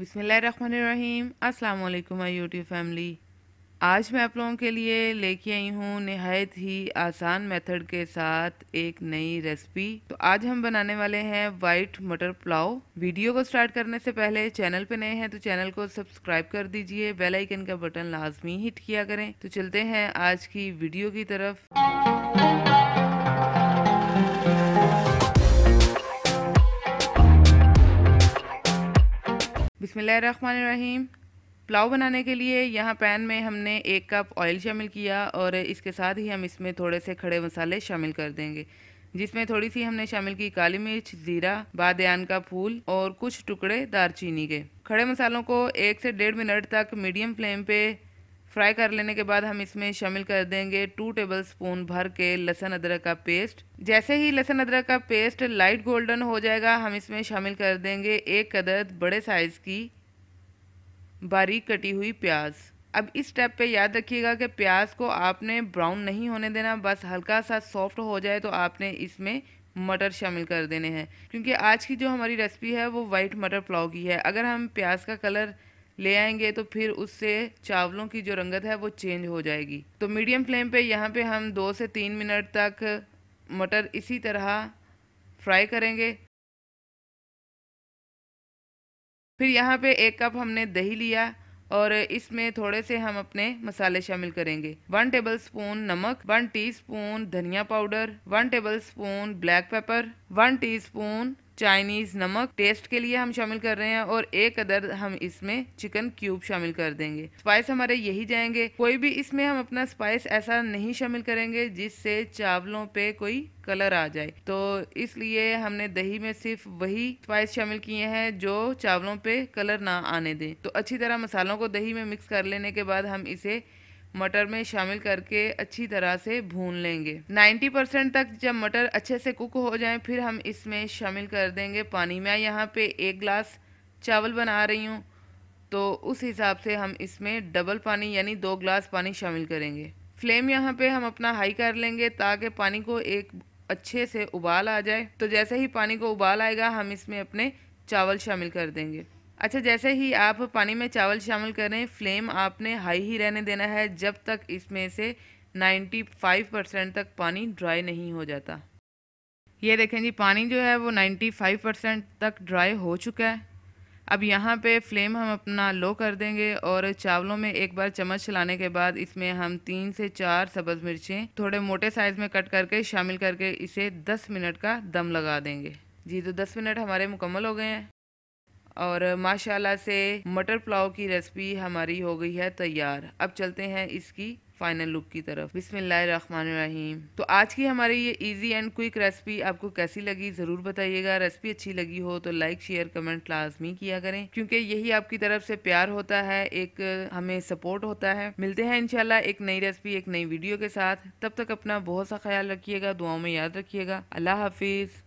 बिसमीम अल्लाम वालेकुम यूट्यूब फैमिली आज मैं आप लोगों के लिए लेके आई हूँ नहायत ही आसान मेथड के साथ एक नई रेसिपी तो आज हम बनाने वाले हैं वाइट मटर पुलाव वीडियो को स्टार्ट करने से पहले चैनल पे नए हैं तो चैनल को सब्सक्राइब कर दीजिए बेल आइकन का बटन लाजमी हिट किया करें तो चलते हैं आज की वीडियो की तरफ बिसमीम पुलाव बनाने के लिए यहाँ पैन में हमने एक कप ऑयल शामिल किया और इसके साथ ही हम इसमें थोड़े से खड़े मसाले शामिल कर देंगे जिसमें थोड़ी सी हमने शामिल की काली मिर्च ज़ीरा बादयान का फूल और कुछ टुकड़े दारचीनी के खड़े मसालों को एक से डेढ़ मिनट तक मीडियम फ्लेम पे फ्राई कर लेने के बाद हम इसमें शामिल कर देंगे टू टेबल स्पून भर के लहसन अदरक का पेस्ट जैसे ही लहसन अदरक का पेस्ट लाइट गोल्डन हो जाएगा हम इसमें शामिल कर देंगे एक अदद बड़े साइज़ की बारीक कटी हुई प्याज अब इस स्टेप पे याद रखिएगा कि प्याज को आपने ब्राउन नहीं होने देना बस हल्का सा सॉफ्ट हो जाए तो आपने इसमें मटर शामिल कर देने हैं क्योंकि आज की जो हमारी रेसिपी है वो वाइट मटर पुलाव की है अगर हम प्याज का कलर ले आएंगे तो फिर उससे चावलों की जो रंगत है वो चेंज हो जाएगी तो मीडियम फ्लेम पे यहाँ पे हम दो से तीन मिनट तक मटर इसी तरह फ्राई करेंगे फिर यहाँ पे एक कप हमने दही लिया और इसमें थोड़े से हम अपने मसाले शामिल करेंगे वन टेबल स्पून नमक वन टीस्पून धनिया powder one tablespoon black pepper one teaspoon Chinese नमक टेस्ट के लिए हम शामिल कर रहे हैं और एक अदर हम इसमें चिकन क्यूब शामिल कर देंगे स्पाइस हमारे यही जाएंगे कोई भी इसमें हम अपना स्पाइस ऐसा नहीं शामिल करेंगे जिससे चावलों पे कोई कलर आ जाए तो इसलिए हमने दही में सिर्फ वही स्पाइस शामिल किए हैं जो चावलों पे कलर ना आने दें तो अच्छी तरह मसालों को दही में मिक्स कर लेने के बाद हम इसे मटर में शामिल करके अच्छी तरह से भून लेंगे 90 परसेंट तक जब मटर अच्छे से कुक हो जाए फिर हम इसमें शामिल कर देंगे पानी मैं यहाँ पे एक ग्लास चावल बना रही हूँ तो उस हिसाब से हम इसमें डबल पानी यानी दो ग्लास पानी शामिल करेंगे फ्लेम यहाँ पे हम अपना हाई कर लेंगे ताकि पानी को एक अच्छे से उबाल आ जाए तो जैसे ही पानी को उबाल आएगा हम इसमें अपने चावल शामिल कर देंगे अच्छा जैसे ही आप पानी में चावल शामिल करें फ्लेम आपने हाई ही रहने देना है जब तक इसमें से 95 परसेंट तक पानी ड्राई नहीं हो जाता ये देखें जी पानी जो है वो 95 परसेंट तक ड्राई हो चुका है अब यहाँ पे फ्लेम हम अपना लो कर देंगे और चावलों में एक बार चम्मच चलाने के बाद इसमें हम तीन से चार सब्ज़ मिर्चें थोड़े मोटे साइज़ में कट करके शामिल करके इसे 10 मिनट का दम लगा देंगे जी तो 10 मिनट हमारे मुकम्मल हो गए हैं और माशाल्लाह से मटर पुलाव की रेसिपी हमारी हो गई है तैयार अब चलते हैं इसकी फाइनल लुक की तरफ बिस्मिल्लाम तो आज की हमारी ये इजी एंड क्विक रेसिपी आपको कैसी लगी ज़रूर बताइएगा रेसिपी अच्छी लगी हो तो लाइक शेयर कमेंट लाजमी किया करें क्योंकि यही आपकी तरफ से प्यार होता है एक हमें सपोर्ट होता है मिलते हैं इनशाला एक नई रेसिपी एक नई वीडियो के साथ तब तक अपना बहुत सा ख्याल रखिएगा दुआओं में याद रखिएगा अल्लाह हाफिज़